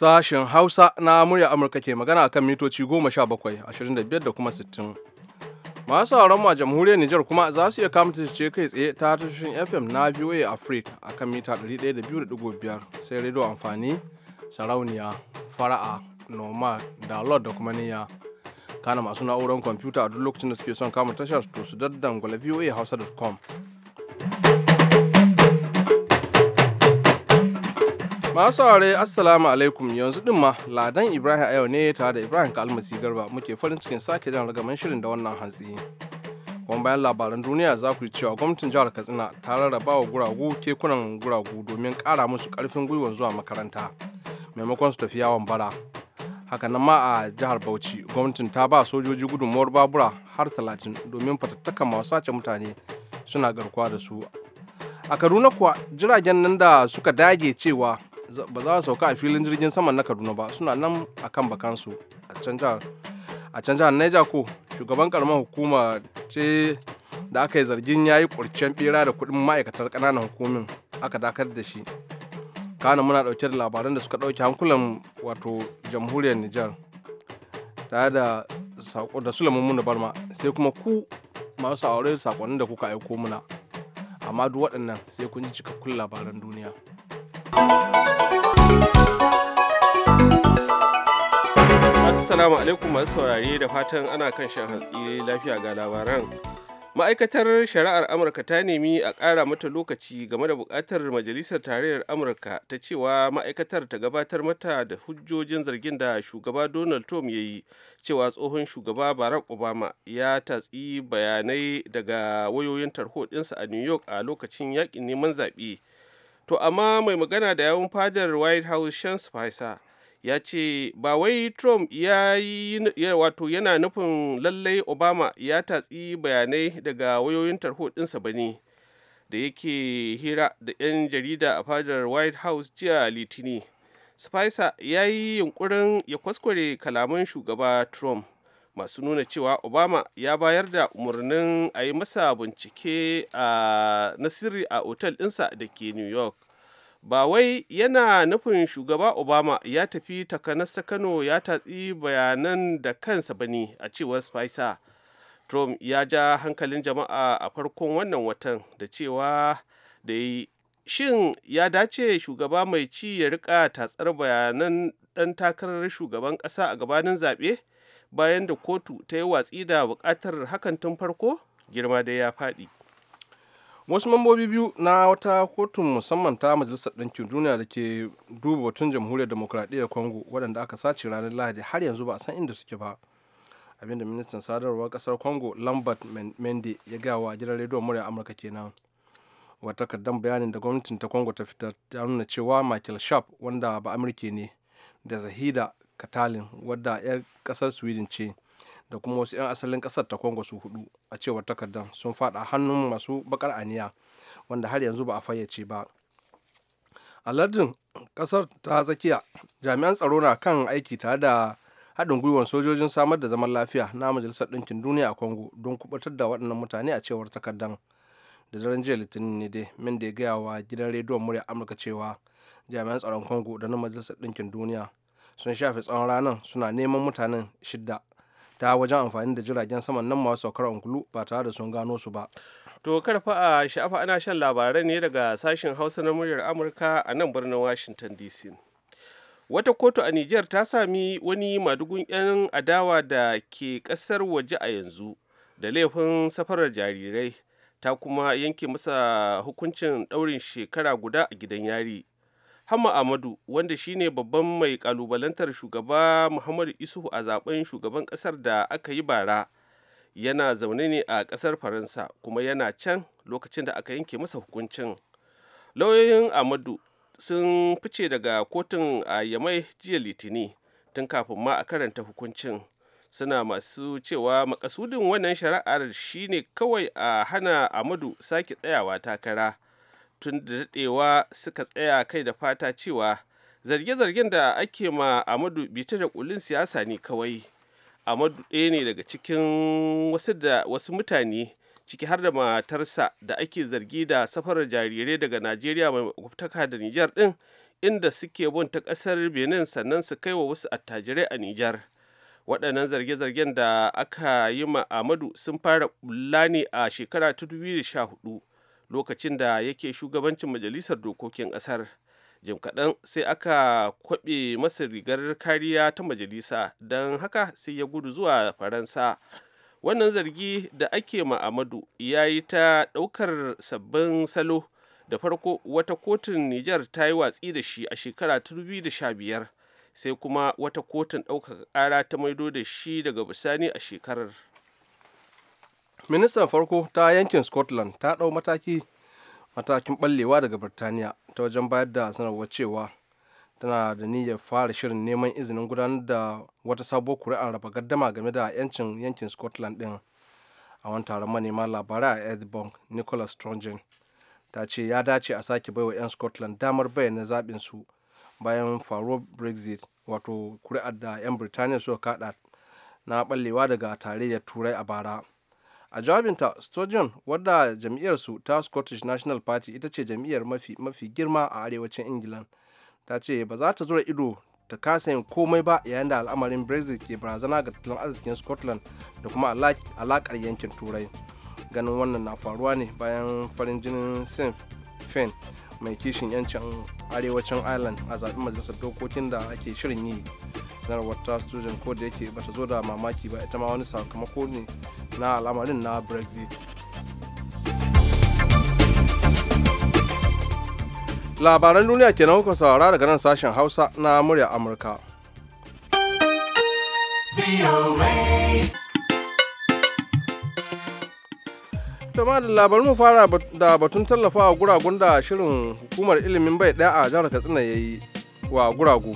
Sashen Hausa na murya Amurka ke magana akan mitoci 17, 25 da kuma 60. Masu sauran a jamhuriyar Nijar kuma za su iya kamata ce kai tsaye ta tashoshin FM na VOA Africa akan mita 102.5 sai rediyo amfani sarauniya fara'a noma da lord da kuma niyya kana masu na'urar kwamfuta a duk lokacin da suke son kama tashar to su hausa voa hausa.com Masu aure Assalamu alaikum yanzu din ma Ladan Ibrahim a yau ne tare da Ibrahim Kalmasi Garba muke farin cikin sake jan ragaman shirin da wannan hantsi. Kuma bayan labaran duniya za ku yi cewa gwamnatin jihar Katsina ta rarraba wa guragu kekunan guragu domin ƙara musu ƙarfin gwiwan zuwa makaranta maimakon su tafi yawon bara. nan ma a jihar Bauchi gwamnatin ta ba sojoji gudunmuwar babura har talatin domin fatattakan masu sace mutane suna garkuwa da su. A Kaduna kuwa jiragen nan da suka dage cewa ba za a sauka a filin jirgin sama na kaduna ba suna nan a kan bakansu a can jihar niger ko shugaban karamar hukuma ce da aka yi zargin ya yi kurcen bera da kuɗin ma'aikatar ƙananan hukumin aka dakar da shi kana muna ɗauke da labaran da suka ɗauki hankulan wato jamhuriyar niger tare da sako da sulamin muna barma sai kuma ku masu aure sakonni da kuka aiko muna amma duk waɗannan sai kun ji cikakkun labaran duniya. Assalamu alaikum masu saurare da fatan ana kan shan hatsi lafiya ga labaran. Ma'aikatar Shari'ar Amurka ta nemi a ƙara mata lokaci game da buƙatar Majalisar Tarayyar Amurka ta cewa ma'aikatar ta gabatar mata da hujjojin zargin da shugaba Donald Trump ya yi cewa tsohon shugaba Barack Obama ya tatsi bayanai daga wayoyin tarho ɗinsa a New York a lokacin yaƙin neman zaɓe. to amma mai magana da yawon fadar white house shan spicer ya ce ba wai trump ya yi wato yana nufin lallai obama ya tatsi bayanai daga wayoyin tarho ɗinsa ba ne da yake hira da 'yan jarida a fadar white house jiya litini spicer ya yi yunkurin ya kwaskware kalaman shugaba trump masu nuna cewa obama ya bayar da umarnin a yi masa bincike na sirri a otal dinsa da ke new york ba wai yana nufin shugaba obama ya tafi takanasta kano ya tatsi bayanan da kansa ba ne a cewar spicer trump ya ja hankalin jama'a a farkon wannan watan da cewa da yi shin ya dace shugaba mai ci ya rika tatsar bayanan dan takarar shugaban kasa a gabanin zaɓe bayan da kotu ta yi watsi da bukatar hakan tun farko girma dai ya faɗi wasu mambobi biyu na wata kotun musamman ta majalisar ɗinkin duniya da ke duba batun jamhuriyar demokuraɗiyyar kongo waɗanda aka sace ranar lahadi har yanzu ba a san inda suke ba abinda ministan sadarwar ƙasar kongo lambert mende ya gawa wa gidan rediyon murya amurka kenan wata takardar bayanin da gwamnatin ta kongo ta fitar ta nuna cewa michael sharp wanda ba amurke ne da zahida katalin wadda 'yar ƙasar sweden ce da kuma wasu 'yan asalin kasar ta kongo su hudu a cewar takardar sun fada hannun masu bakar aniya wanda har yanzu ba a fayyace ba a lardin kasar ta tsakiya jami'an tsaro na kan aiki tare da haɗin gwiwar sojojin samar da zaman lafiya na majalisar ɗinkin duniya a kongo don kubutar da waɗannan mutane a cewar takardar da daren jiya litinin ne dai min da ya gaya wa gidan rediyon murya amurka cewa jami'an tsaron kongo da na majalisar ɗinkin duniya sun shafe tsawon ranar suna neman mutanen shidda ta wajen amfani da jiragen saman nan masu saukar angulu ba tare da sun gano su ba to karfa a sha'afa ana shan labarai ne daga sashen hausa na muryar amurka a nan birnin washington dc wata kotu a niger ta sami wani madugun 'yan adawa da ke ƙasar waje a yanzu da laifin safarar jarirai ta kuma yanke masa hukuncin ɗaurin shekara guda a gidan yari Hamma Amadu wanda shine babban mai kalubalantar shugaba Muhammadu Isuhu a zaben shugaban kasar da aka yi bara yana zaune ne a kasar Faransa kuma yana can lokacin da aka yanke masa hukuncin. Lauyoyin Amadu sun fice daga kotun a Yamai jiya Litini tun kafin ma a karanta hukuncin. Suna masu cewa makasudin wannan shari'ar shine kawai a hana Amadu sake tsayawa takara. tun da daɗewa suka tsaya kai da fata cewa zarge-zargen da ake ma amadu bita da kulin siyasa ne kawai amadu ɗaya ne daga cikin wasu da wasu mutane ciki har da matarsa da ake zargi da safarar jarirai daga najeriya mai makwabtaka da nijar ɗin inda suke bin ta ƙasar benin sannan su kai wa wasu attajirai a nijar waɗannan zarge-zargen da aka yi ma amadu sun fara ƙulla ne a shekara 2014 lokacin da yake shugabancin majalisar dokokin ƙasar jim kaɗan sai aka kwaɓe masa rigar kariya ta majalisa don haka sai ya gudu zuwa faransa wannan zargi da ake ma'amadu ya yi ta ɗaukar sabbin salo da farko wata kotun nijar ta yi watsi da shi a shekara 2015 sai kuma wata kotun ɗaukaka ƙara ta maido da shi daga bisani a shekarar ministan farko ta yankin scotland ta ɗau mataki matakin ɓallewa daga birtaniya ta wajen bayar da sanarwar cewa tana da niyyar fara shirin neman izinin gudanar da wata sabuwar kuri'ar raba gardama game da yancin yankin scotland ɗin a wani taron manema labarai a edinburgh nicholas strongen ta ce ya dace a sake baiwa 'yan scotland damar bayyana su bayan faruwar brexit wato kuri'ar da 'yan birtaniya suka kada na ɓallewa daga tarayyar turai a bara a jawabinta sturgeon wadda jam'iyyarsu ta scottish national party ita ce jam'iyyar mafi, mafi girma a arewacin ingila ta ce ba za ta zura ido ta kasa yin komai ba yayin da al'amarin brexit ke barazana ga tattalin arzikin scotland da kuma alakar yankin turai ganin wannan na faruwa ne bayan farin jinin sinn féin mai kishin yancin arewacin ireland a zaɓen majalisar dokokin da ake shirin yi sanarwar ta sturgeon ko da yake ta zo da mamaki ba ita ma wani sakamako ne na al'amarin na brexit labaran duniya kenan kuka saurara daga nan sashen hausa na murya amurka tama da labarin mu fara da batun a guragun da shirin hukumar ilimin bai daya a jihar katsina ya yi wa guragu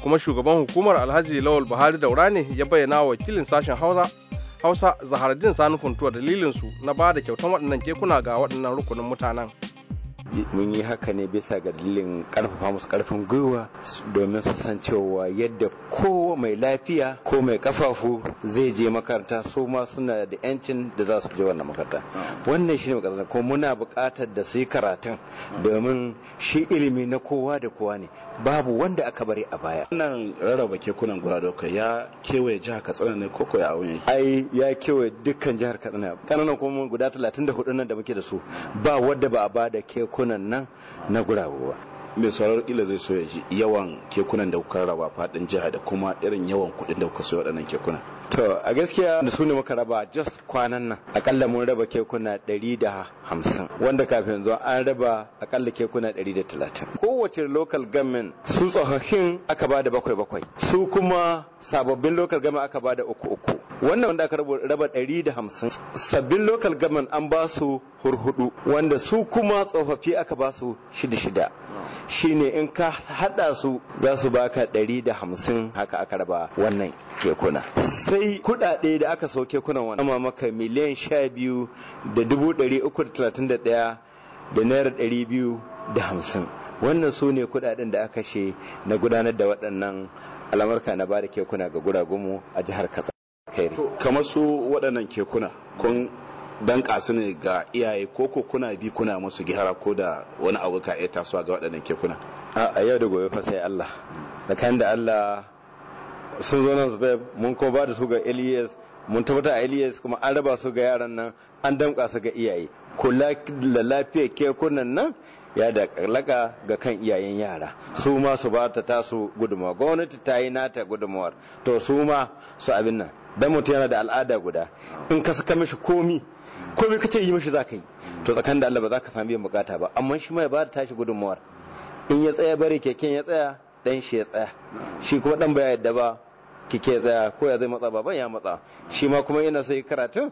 kuma shugaban hukumar alhaji lawal buhari daura ne ya bayyana wakilin sashen hausa hausa zahararjin sani funtuwa dalilinsu na ba da kyautan waɗannan kekuna ga waɗannan rukunin mutanen mun yi haka ne bisa ga dalilin karfafa musu karfin gwiwa domin su san cewa yadda kowa mai lafiya ko mai kafafu zai je makaranta su ma suna da yancin da za su je wannan makaranta wannan shi ne makaranta ko muna buƙatar da su yi karatun domin shi ilimi na kowa da kowa ne babu wanda aka bari a baya wannan rarraba kekunan guda doka ya kewaye jihar katsina ne ko ya wuyi ai ya kewaye dukkan jihar katsina kananan kuma guda 34 nan da muke da su ba wadda ba a ba da keku. kekunan nan na gurawa mai sauraron ila zai so ya ji yawan kekunan da kuka raba fadin jiha da kuma irin yawan kuɗin da kuka sayo waɗannan kekunan. To a gaskiya da su ne muka raba just kwanan nan akalla mun raba kekuna ɗari da hamsin wanda kafin zuwa an raba akalla kekuna ɗari da talatin. Kowace local government su tsofaffin aka ba da bakwai bakwai su kuma sababbin local government aka ba da uku uku. wannan wanda aka raba ɗari da hamsin sabbin lokal government an ba su hurhudu wanda su kuma tsofaffi aka ba su shida shida shine in ka hada su za su baka ɗari da hamsin haka aka raba wannan kekuna sai kudade da aka sau kekunan wannan amma maka miliyan sha biyu da dubu ɗari uku da talatin da ɗaya da naira ɗari biyu da hamsin wannan su ne kudaden da aka she na gudanar da waɗannan alamarka na bada kekuna ga guragunmu a jihar katsina kairi kamar su waɗannan kekuna kun dan kasu ne ga iyaye ko ko kuna bi kuna musu gihara ko da wani abu ka iya tasowa ga waɗannan kekuna a yau da gobe fa sai Allah da kan da Allah sun zo nan bai mun ko ba da su ga Elias mun tabbata a Elias kuma an raba su ga yaran nan an damƙa su ga iyaye ko la lafiya kekunan nan ya da karlaka ga kan iyayen yara su ma su ba ta tasu gudunmawa gwamnati ta yi nata gudunmawar to su ma su abin nan dan mutum yana da al'ada guda in ka saka mishi komi komi ka ce yi mishi za ka yi to tsakan da Allah ba za ka sami yin bukata ba amma shi ma ya ba da tashi gudunmawar in ya tsaya bari keken ya tsaya dan shi ya tsaya shi kuma dan baya ya yadda ba kike tsaya ko ya zai matsa baban ya matsa shi ma kuma yana sai karatun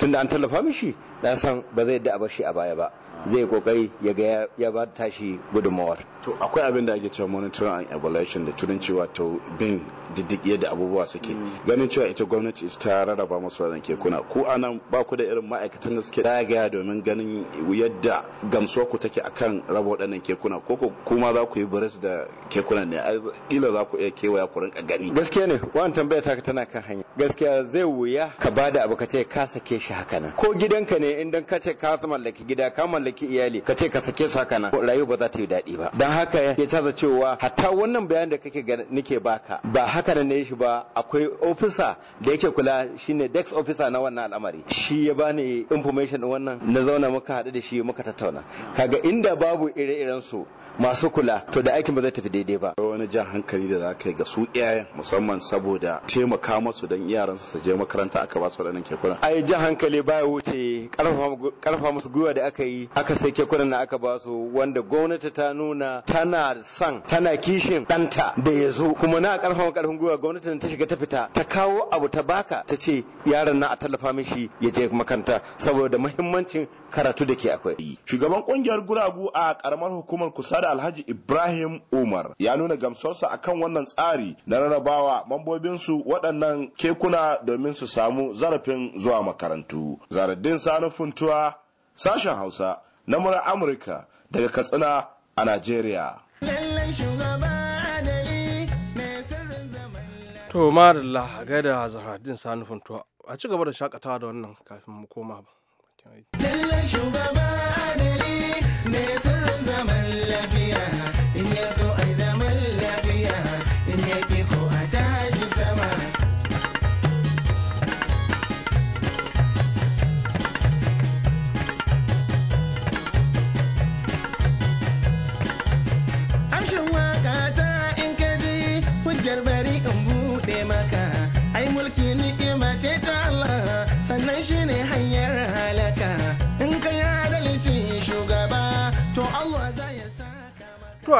tunda an tallafa mishi na san ba zai da shi a baya ba zai kokari ya ga ya ba tashi gudunmawar to akwai abin da ake cewa monitoring and evaluation da turanci to bin diddiki yadda abubuwa suke mm. ganin cewa ita gwamnati ta rarraba masu wannan kekuna Ko anan ba ku da irin ma'aikatan da suke dagaya domin ganin yadda gamsuwa ku take akan raba wadannan kekuna ko kuma za ku yi baris da kekuna ne kila za ku iya kewaya ku rinka gani gaskiya ne wannan tambaya ta tana kan hanya gaskiya zai wuya ka bada abu ka ce ka sake shi shi haka nan ko gidanka ne in dan kace ka mallaki gida ka mallaki iyali Ka ce ka sake su haka nan rayuwa ba za ta yi daɗi ba dan haka ya caza cewa hatta wannan bayan da kake nake baka ba haka nan ne shi ba akwai ofisa da yake kula shine dex officer na wannan al'amari shi ya bani information wannan na zauna muka haɗu da shi muka tattauna kaga inda babu ire-iren su masu kula to da aikin ba zai tafi daidai ba wani jan hankali da za ka ga su iyayen musamman saboda taimaka masu don yaransu su je makaranta aka ba su waɗannan kekunan ai jan hankali baya wuce karfa musu gwiwa da aka yi aka sai kekunan na aka ba su wanda gwamnati ta nuna tana son tana kishin ɗanta da ya zo kuma na karfa karfin gwiwa gwamnatin ta shiga ta fita ta kawo abu ta baka ta ce yaron na a tallafa mishi ya je makanta saboda mahimmancin karatu da ke akwai. Shugaban kungiyar guragu a karamar hukumar kusa da Alhaji Ibrahim Umar ya nuna gamsarsa akan wannan tsari na rarrabawa mambobinsu waɗannan kekuna domin su samu zarafin zuwa makaranta. makarantu. zaradin sani funtuwa sashen hausa na murar amurka daga katsina a najeriya to madalla da zaradin sani funtuwa a ci gaba da shakatawa da wannan kafin mu koma ba. Lallan shugaba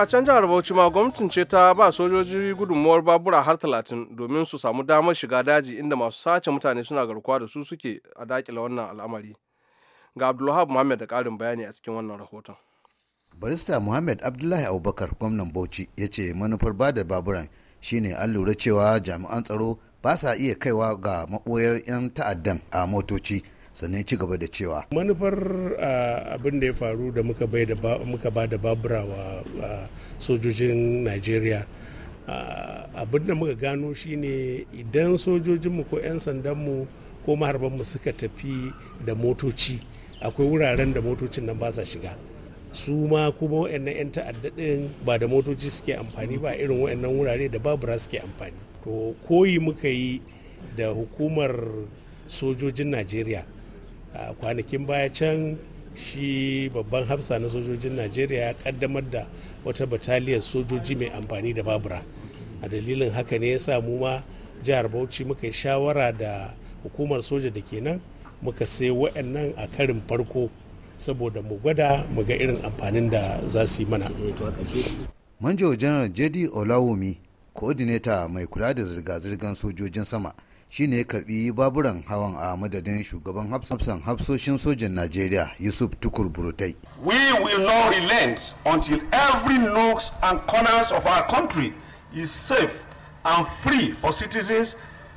a can jihar Bauchi ma gwamnatin ce ta ba sojoji gudunmuwar babura har talatin domin su samu damar shiga daji inda masu sace mutane suna garkuwa da su suke a dakila wannan al'amari. Ga Abdulwahab Muhammad da ƙarin bayani a cikin wannan rahoton. Barista Muhammad Abdullahi Abubakar gwamnan Bauchi ya ce manufar ba da baburan shine an lura cewa jami'an tsaro ba sa iya kaiwa ga maɓoyar 'yan ta'addan a motoci. sannan ci gaba da cewa manufar ah, abin da ya faru da muka ba da babura wa ah, sojojin najeriya ah, abin da muka gano shine idan sojojinmu ko 'yan sandanmu ko maharbanmu suka tafi da motoci akwai wuraren da motocin nan ba sa shiga su ma kuma wa'annan 'yan ta'adda ba da motoci suke amfani ba irin wa'annan wurare da babura suke amfani to koyi muka yi da hukumar sojojin najeriya a kwanakin baya can shi babban hafsa na sojojin najeriya ya kaddamar da wata bataliyar sojoji mai amfani da babura a dalilin haka ne ya samu ma jihar bauchi muka yi shawara da hukumar soja da ke nan muka sai wa'annan a karin farko saboda mu gwada mu ga irin amfanin da za su yi mana manjo janar jedi olawomi coordinator mai kula da zirga zirgan sojojin sama shine ya karbi baburan hawan a madadin shugaban hafsan hafsoshin sojan Najeriya Yusuf Tukur Burutai. We will not relent until every nooks and corners of our country is safe and free for citizens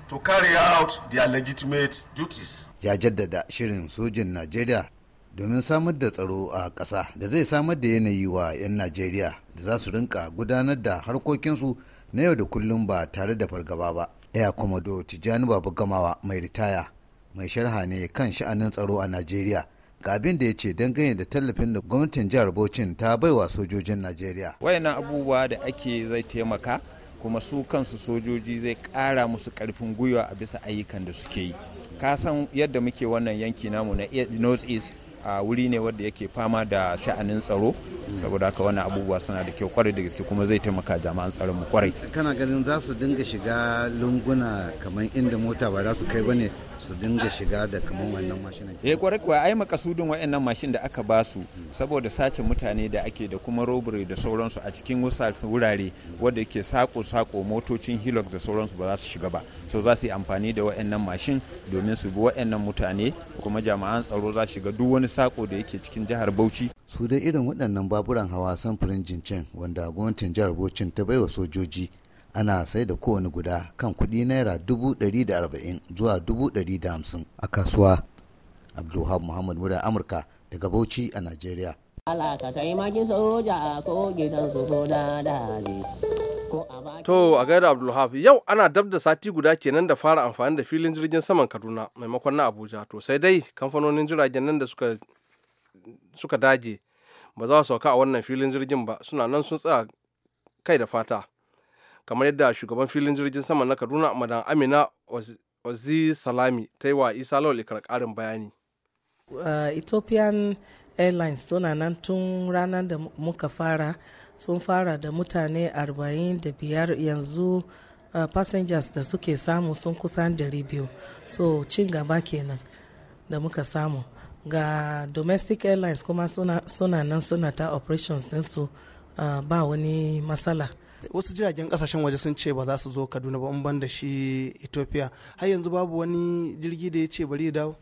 to carry out their legitimate duties. Ya jaddada shirin sojan Najeriya domin samar da tsaro a ƙasa da zai samar da yanayi wa 'yan Najeriya da za su rinka gudanar da harkokinsu na yau da kullum ba tare da fargaba ba. Air Commodore Tijjani Babu Gamawa mai ritaya mai sharha ne kan sha'anin tsaro a Najeriya ga abin da ya ce dangane da tallafin da gwamnatin jihar bocin ta baiwa sojojin Najeriya. Wayannan abubuwa da ake zai taimaka kuma su kansu sojoji zai kara musu karfin gwiwa a bisa ayyukan da suke yi. Ka san yadda muke wannan yanki namu na North East a wuri ne wanda yake fama da sha'anin tsaro saboda haka wani abubuwa suna da kyau kwarai da gaske kuma zai taimaka jama'an tsaron mu kwarai kana ganin za su dinga shiga lunguna kamar inda mota ba za su kai bane su dinga shiga da kamar wannan mashinan eh kwarai kuwa ai makasudin wayannan mashin da aka ba su saboda sace mutane da ake da kuma robbery da sauransu a cikin wasu wurare wanda yake sako sako motocin hilux da sauransu ba za su shiga ba so za su yi amfani da wayannan mashin domin su bi wayannan mutane kuma jami'an tsaro za su shiga duk wani sako da yake cikin jihar Bauchi su dai irin waɗannan baburan hawa samfurin jincin wanda gwamnatin jihar Bauchi ta baiwa sojoji ana sai da kowane guda kan kuɗi naira dubu ɗari da arba'in zuwa dubu ɗari da hamsin a kasuwa abdulhab muhammad mura amurka daga bauchi a nigeria taimaki To a gaida Abdulhaf yau ana dab da sati guda kenan da fara amfani da filin jirgin saman Kaduna maimakon na Abuja to sai dai kamfanonin jiragen nan da suka suka dage ba za su sauka a wannan filin jirgin ba suna nan sun tsaya kai da fata kamar yadda shugaban filin jirgin sama na kaduna madan amina ozi salami ta yi wa isa lawal karin bayani uh, ethiopian airlines suna nan tun ranar da muka fara sun fara da mutane 45 yanzu uh, passengers da suke samu sun kusan 200 so cin gaba kenan da muka samu ga domestic airlines kuma suna, nan suna ta operations dinsu uh, ba wani matsala wasu jiragen kasashen waje sun ce ba za su zo kaduna ba ban da shi ethiopia har yanzu babu wani jirgi da ya ce bari dawo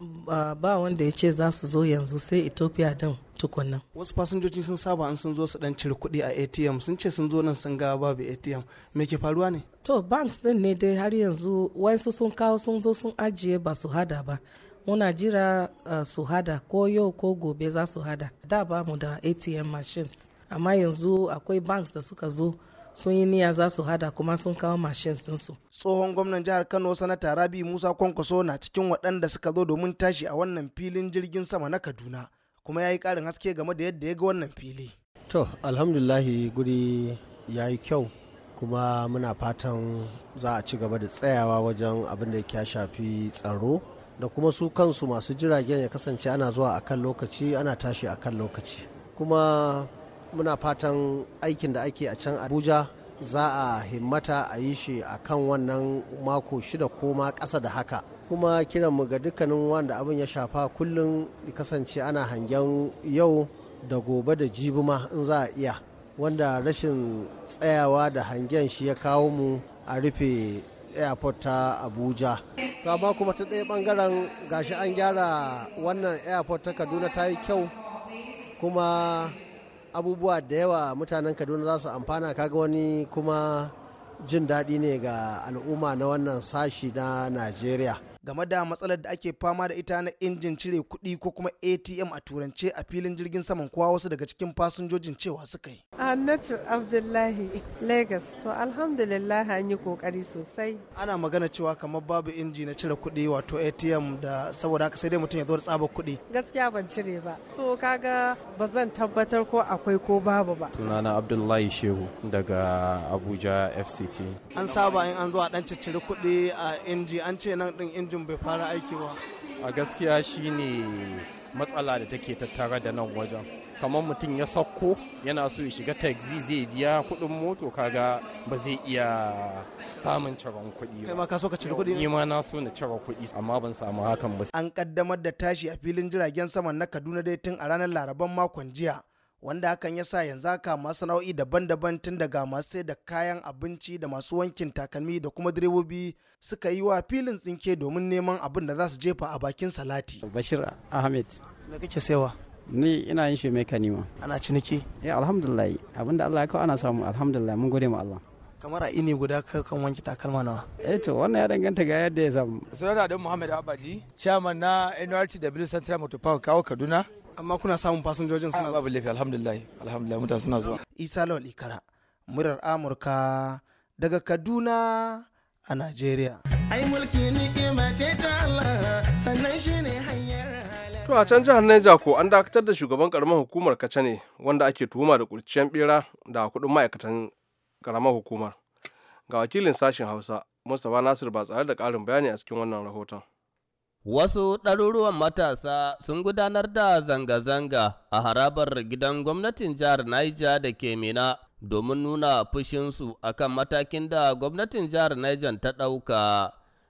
ba wanda ya ce za su zo yanzu sai ethiopia din tukunna wasu fasinjoji sun saba an sun zo su dan cire kuɗi a atm sun ce sun zo nan sun ga babu atm me ke faruwa ne to banks din ne dai har yanzu wasu sun kawo sun zo sun ajiye ba su hada ba muna jira su hada ko yau ko gobe za su hada da ba mu da atm machines amma yanzu akwai banks da suka zo sun yi niyya za su hada kuma sun kawo mashin su. tsohon gwamnan jihar kano sanata rabi musa kwankwaso na cikin waɗanda suka zo domin tashi a wannan filin jirgin sama na kaduna kuma ya yi ƙarin haske game da yadda ya ga wannan fili. to alhamdulahi guri ya yi kyau kuma muna fatan za a ci gaba da tsayawa wajen abin da ya shafi tsaro da kuma su kansu masu jiragen ya kasance ana zuwa akan lokaci ana tashi akan lokaci kuma muna fatan aikin da ake a can abuja za a himmata a yi shi a kan wannan mako shida ko ma ƙasa da haka kuma kiranmu ga dukkanin wanda abin ya shafa kullum kasance ana hangen yau da gobe da jibi ma in za a iya wanda rashin tsayawa da hangen shi ya kawo mu a rufe airport ta abuja amma kuma ta ɗaya ɓangaren gashi an gyara wannan airport ta kaduna ta yi kyau kuma abubuwa da yawa mutanen kaduna za su amfana kaga wani kuma jin daɗi ne ga al'umma na wannan sashi na najeriya game da matsalar da ake fama da ita na injin cire kuɗi ko kuma atm a turance a filin jirgin saman kowa wasu daga cikin fasinjojin cewa suka yi annatu abdullahi lagos to alhamdulillah an yi kokari sosai ana magana cewa kamar babu inji na cire kuɗi wato atm da saboda haka sai dai mutum ya zo da tsaba kuɗi gaskiya ban cire ba so kaga ba zan tabbatar ko akwai ko babu ba sunana abdullahi shehu daga abuja fct an saba in an zo a dan cire kuɗi a inji an ce nan din injin bai fara aiki ba a gaskiya shine matsala da take tattare da nan wajen kamar mutum ya sauko yana so ya shiga taxi zai biya kudin moto kaga ba zai iya samun ciron kudi ba kai ma ka so ka cire kuɗi ni ma na so na cire kudi amma ban samu hakan ba an kaddamar da tashi a filin jiragen sama na Kaduna dai tun a ranar Laraban makon jiya wanda hakan ya sa yanzu haka masu nau'i daban-daban tun daga masu sai da kayan abinci da masu wankin takalmi da kuma direbobi suka yi wa filin tsinke domin neman abin da za su jefa a bakin salati. Bashir Ahmed. Me kake saiwa? ni ina yin shi mai kanima ana ciniki eh alhamdulillah abinda Allah ya kawo ana samu alhamdulillah mun gode ma Allah kamar a ini guda kan wanki takalma nawa eh to wannan ya danganta ga yadda ya samu sunana Adamu Muhammad Abaji chairman na NRTW Central Motor Power kawo Kaduna amma kuna samun fasinjojin suna babu laifi alhamdulillah alhamdulillah mutane suna zuwa isa lawal ikara murar amurka daga kaduna a nigeria ai mulki ni ce ta allah sannan shi ne hanyar to a can jihar Niger ko an dakatar da shugaban karamar hukumar kace ne wanda ake tuhuma da kurciyan bera da kudin ma'aikatan karamar hukumar ga wakilin sashen hausa mustapha nasir ba tsare da karin bayani a cikin wannan rahoton Wasu ɗaruruwan matasa sun gudanar da zanga-zanga a harabar gidan gwamnatin jihar Niger da ke Mina domin nuna fushinsu a kan matakin da gwamnatin jihar Niger ta ɗauka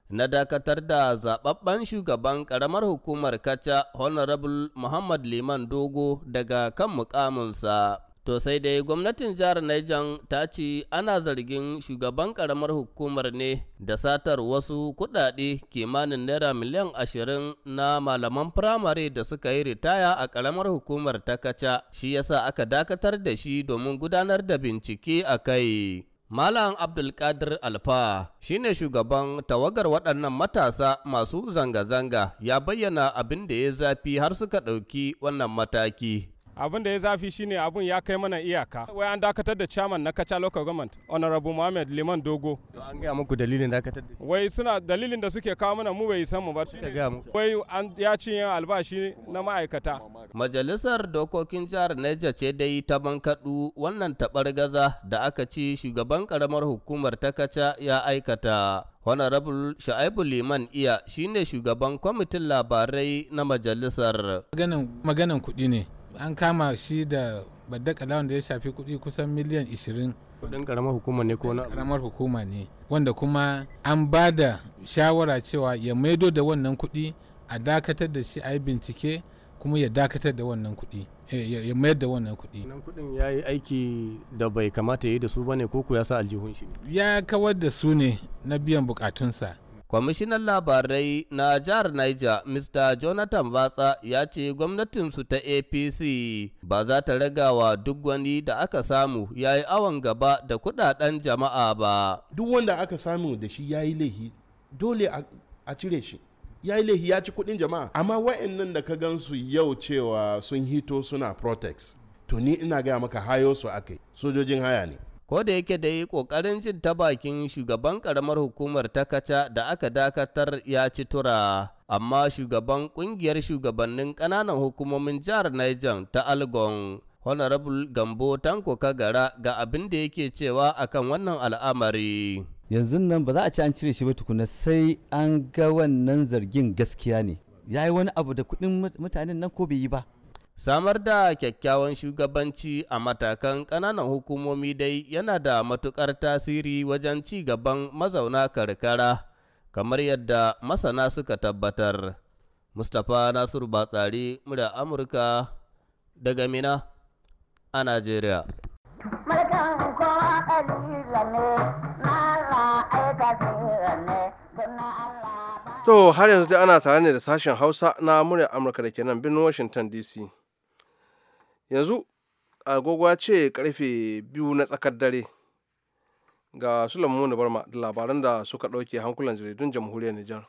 na dakatar da zaɓaɓɓen shugaban ƙaramar hukumar kaca Honorable Muhammad Liman Dogo daga kan mukaminsa. To sai dai gwamnatin jihar Niger ta ce ana zargin shugaban karamar hukumar ne da satar wasu kuɗaɗe kimanin naira miliyan ashirin na malaman firamare da suka yi ritaya a karamar hukumar ta kaca shi yasa aka dakatar da shi domin gudanar da bincike a kai. Malam Abdulkadir Alfa shine shugaban tawagar waɗannan matasa masu zanga-zanga ya bayyana abin da ya zafi har suka ɗauki wannan mataki. abin da ya zafi shine abin ya kai mana iyaka wai an dakatar da chairman na kacha local government honorable Mohammed liman dogo an gaya muku dalilin dakatar da wai suna dalilin da suke kawo mana mu bai san mu ba wai an ya cinye albashi na ma'aikata majalisar dokokin jihar neja ce dai ta bankaɗu wannan tabar gaza da aka ci shugaban karamar hukumar ta kaca ya aikata honorable sha'ibu liman iya shine shugaban kwamitin labarai na majalisar maganan kuɗi ne an kama shi da baddakala da ya shafi kudi kusan miliyan 20 kudin karamar hukuma ne ko na karamar hukuma ne wanda kuma an ba da shawara cewa ya maido da wannan kudi a dakatar da shi a yi bincike kuma ya dakatar da wannan kudi. Eh, ya mayar da wannan kudi Wannan kudin ya yi aiki da bai kamata ya yi da su bane ko ku ya sa aljihun shi ne. Ya kawar da su ne na biyan bukatunsa Kwamishinan labarai na jihar Niger, Mr. Jonathan Vatsa ya ce gwamnatinsu ta APC ba za ta ragawa duk wani da aka samu ya yi awon gaba da kudaden jama'a ba. Duk wanda aka samu da shi ya yi laihi dole a cire shi. Ya yi laihi ya ci kudin jama'a. Amma wa'annan da ka gansu yau cewa sun hito suna protex. To ni ina gaya maka hayo su aka yi. Sojojin haya ne. ko da yake da yi ƙoƙarin jin ta bakin shugaban ƙaramar hukumar ta kaca da aka dakatar ya ci tura amma shugaban ƙungiyar shugabannin ƙananan hukumomin jihar Niger ta Algon Honorable Gambo Tanko Kagara ga abin da yake cewa akan wannan al'amari. Yanzu nan ba za a ci an cire shi ba tukuna sai an ga wannan zargin gaskiya ne. Ya yi wani abu da kuɗin mutanen nan ko bai yi ba. Samar da kyakkyawan shugabanci a matakan kananan hukumomi dai yana da matukar tasiri wajen ci gaban mazauna karkara, kamar yadda masana suka tabbatar. Mustapha Nasiru Batsari, murya Amurka daga Mina a Najeriya. To har yanzu dai ana tare ne da sashen Hausa na murya Amurka da ke nan birnin Washington DC. yanzu ya ce karfe biyu na tsakar dare ga na barma da labaran da suka ɗauke hankulan jaridun jamhuriyar nijar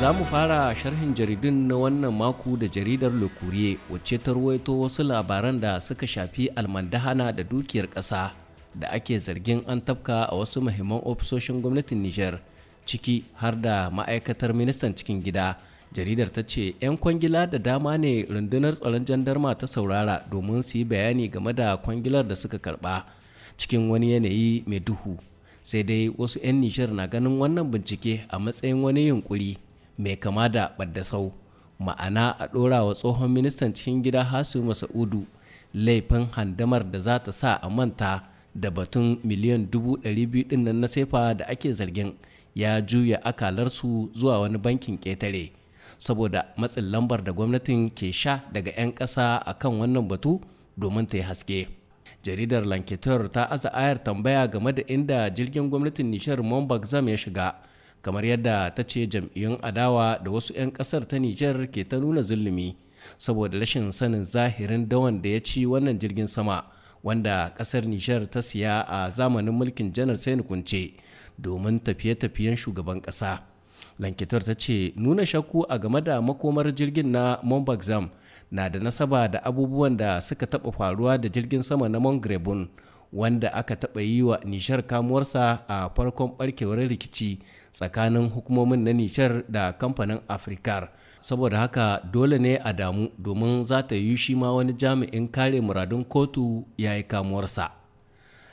za mu fara sharhin jaridun na wannan mako da jaridar lokuriye wacce ta ruwaito wasu labaran da suka shafi almandahana da dukiyar ƙasa da ake zargin an tafka a wasu muhimman ofisoshin gwamnatin nijar ciki har da ma'aikatar ministan cikin gida jaridar ta ce 'yan kwangila da dama ne rundunar tsaron jandarma ta saurara domin su yi bayani game da kwangilar da suka karba cikin wani yanayi mai duhu sai dai wasu 'yan nishar na ganin wannan bincike a matsayin wani yunkuri mai kama da sau ma'ana a ɗora wa tsohon ministan cikin gida hasu masa'udu laifin handamar da za ta sa a manta da batun miliyan dubu ɗari biyu ɗin nan na sefa da ake zargin ya juya akalarsu zuwa wani bankin ƙetare saboda matsin lambar da gwamnatin ke sha daga 'yan ƙasa a kan wannan batu domin ta yi haske jaridar lanketer ta aza ayar tambaya game da inda jirgin gwamnatin nishar mombak zam ya shiga kamar yadda ta ce jam'iyyun adawa da wasu 'yan ƙasar ta nijar ke ta nuna zulumi saboda rashin sanin zahirin dawan da ya ci wannan jirgin sama wanda kasar Nijar ta siya a zamanin mulkin janar sai Kunce domin tafiye-tafiyen shugaban ƙasa. Lankitar ta ce nuna shakku a game da makomar jirgin na Mombaxam na da nasaba da abubuwan da suka taɓa faruwa da jirgin sama na Mongrebun wanda aka taɓa yi wa Nishar kamuwarsa a farkon ɓarkewar rikici tsakanin hukumomin na Nishar da kamfanin afirkar. saboda haka dole ne a damu domin za ta yi shi ma wani jami'in kare muradun kotu ya yi kamuwarsa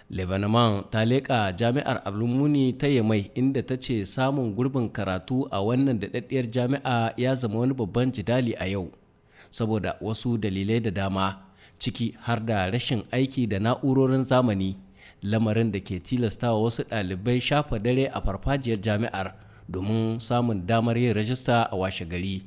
levanaman ta leƙa jami'ar abdulmuni ta yamai inda ta ce samun gurbin karatu a wannan daɗaɗɗiyar jami'a ya zama wani babban jidali a yau saboda wasu dalilai da dama ciki har da rashin aiki da na'urorin zamani lamarin da ke tilastawa wasu ɗalibai shafa dare a farfajiyar jami'ar domin samun damar yin rajista a washe gari.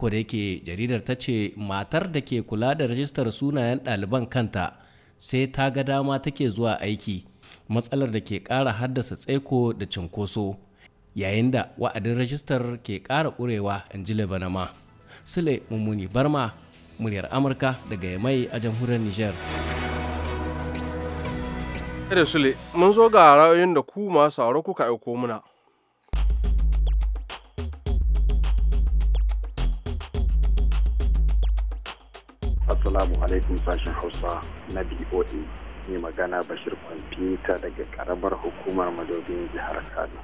ko yake jaridar ta ce matar da ke kula da rajistar sunayen ɗaliban kanta sai ta ga dama take zuwa aiki matsalar da ke ƙara haddasa tsaiko da cinkoso yayin da wa'adin rajistar ke ƙara ƙurewa in ji labanama sule mummuni barma muryar amurka daga yamai a jamhuriyar niger da sule mun zo ga ra'ayoyin da ku masu sauro kuka aiko muna Assalamu alaikum sashen Hausa na BOA. Mai magana Bashir Kwamfuta daga karamar hukumar madobin jihar Kano.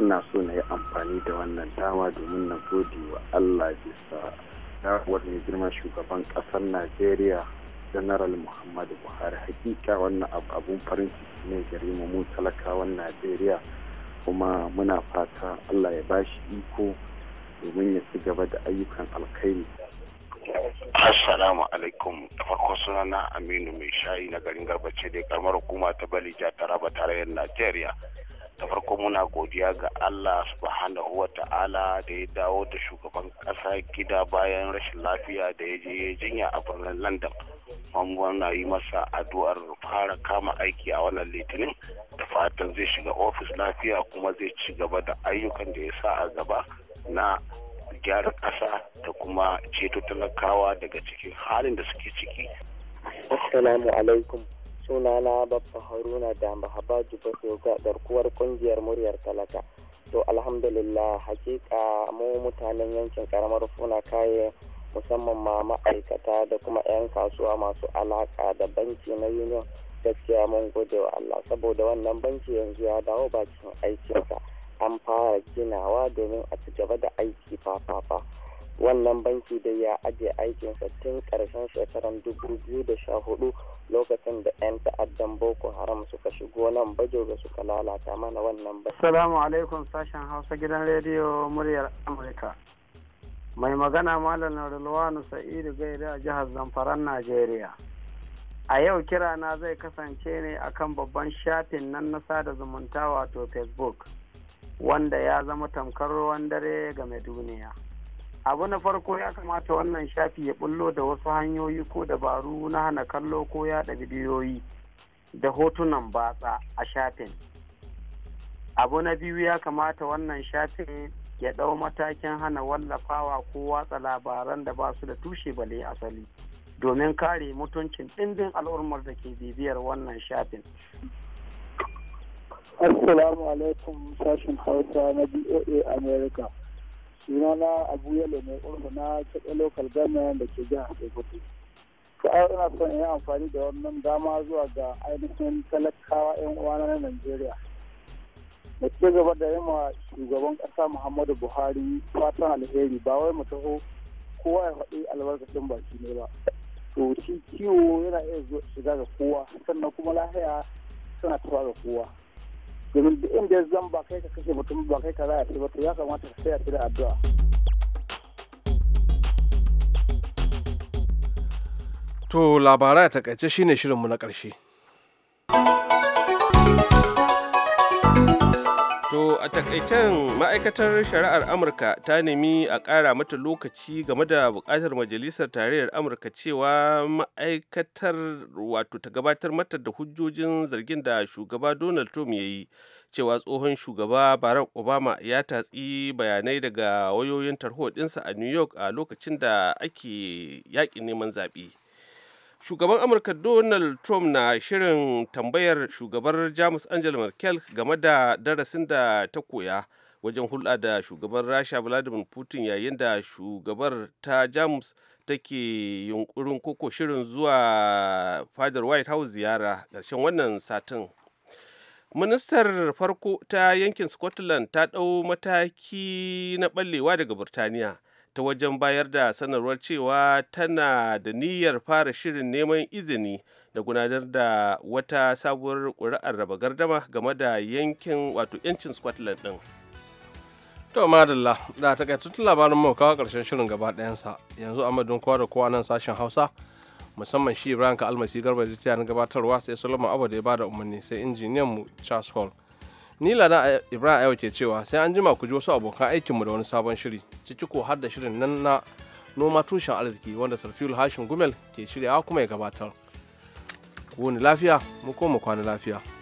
Ina so na yi amfani da wannan dama domin na gode wa Allah bisa dawar mai girma shugaban ƙasar Najeriya General Muhammadu Buhari. Hakika wannan abu abun farin ciki ne gare mu mu talakawan Najeriya kuma muna fata Allah ya bashi iko domin ya ci gaba da ayyukan alkhairi Assalamu alaikum farko suna sunana Aminu mai shayi na garin garbace da karamar hukuma ta Balija ta raba tarayyar Najeriya. ta farko muna godiya ga Allah subhanahu wa ta'ala da ya dawo da shugaban kasa gida bayan rashin lafiya da ya je jinya a birnin London. Muna yi masa addu'ar fara kama aiki a wannan litinin da fatan zai shiga ofis lafiya kuma zai ci gaba da ayyukan da ya sa a gaba na gyara ƙasa da kuma ceto talakawa daga cikin halin da suke ciki. Assalamu alaikum. Sunana Baffa Haruna da Mahabaju Basoga garkuwar ƙungiyar muryar talaka. To alhamdulillah hakika mu mutanen yankin karamar funa kaye musamman ma ma'aikata da kuma 'yan kasuwa masu alaka da banki na union gaskiya mun gode wa Allah saboda wannan banki yanzu ya dawo ba bakin aikinsa. an fara ginawa domin a ci gaba da aiki fafafa wannan banki dai ya ajiye aikinsa tun karshen shekaran 2014 lokacin da 'yan ta'addan boko haram suka shigo nan bajo ga suka lalata mana wannan ba salamu alaikum sashen hausa gidan rediyo muryar amurka mai magana malam rulwanu sa'idu gaida a jihar zamfaran najeriya a yau kirana zai kasance ne akan babban shafin nan na sada zumunta wato facebook wanda ya zama tamkar ruwan dare game duniya abu na farko ya kamata wannan shafi ya bullo da wasu hanyoyi ko dabaru na hana kallo ko yada bidiyoyi da hotunan batsa a shafin abu na biyu ya kamata wannan shafin ya ɗau matakin hana wallafawa ko watsa labaran da ba su da tushe bale asali domin kare mutuncin ɗimbin al'ummar da ke bibiyar wannan shafin Assalamu alaikum sashen Hausa na BOA America. Suna na Abu Yalo mai urba na Chaɗe Local Government da ke jihar Sokoto. To ai ina son yi amfani da wannan dama zuwa ga ainihin talakawa 'yan uwa na Najeriya. Da ke gaba da yi ma shugaban ƙasa Muhammadu Buhari fatan alheri ba wai mu taho kowa ya faɗi albarkacin baki ne ba. To shi kiwo yana iya shiga ga kowa sannan kuma lahiya tana tafa ga kowa. domin duk inda ya zan ba kai ka kashe mutum ba kai ka za a ce ba to ya kamata ka sai a da addu'a. To labarai a takaice shine shirinmu na ƙarshe. a takaicen ma'aikatar shari'ar Amurka ta nemi a ƙara mata lokaci game da buƙatar Majalisar Tarayyar Amurka cewa ma'aikatar wato ta gabatar mata da hujjojin zargin da shugaba Donald Trump ya yi cewa tsohon shugaba Barack Obama ya tatsi bayanai daga wayoyin tarho ɗinsa a New York a lokacin da ake yaƙin neman zaɓe. shugaban amurka donald trump na shirin tambayar shugabar jamus angel merkel game da darasin da ta koya wajen hulɗa da shugaban rasha vladimir putin yayin da shugabar ta jamus take yunkurin koko shirin zuwa fadar white house ziyara ƙarshen wannan satin ministar farko ta yankin scotland ta ɗau mataki na ɓallewa daga burtaniya ta wajen bayar da sanarwar cewa tana da niyyar fara shirin neman izini da gudanar da wata sabuwar ƙuri'ar raba gardama game da yankin wato 'yancin scotland ɗin. To madalla da takaitattun labarin mu kawo karshen shirin gaba ɗayansa yanzu a madun kowa da kowa nan sashen Hausa musamman shi Ibrahim Almasi Garba da na gabatarwa sai Solomon Abu da ya bada umarni sai injiniyan mu Charles Hall ni lada ibrahim ayo ke cewa sai an jima ku ji wasu abokan aikinmu da wani sabon shiri ciki ko har da shirin nan na noma tushen arziki wanda sarfil hashin gumel ke shiryawa kuma ya gabatar wani lafiya mu koma mu kwana lafiya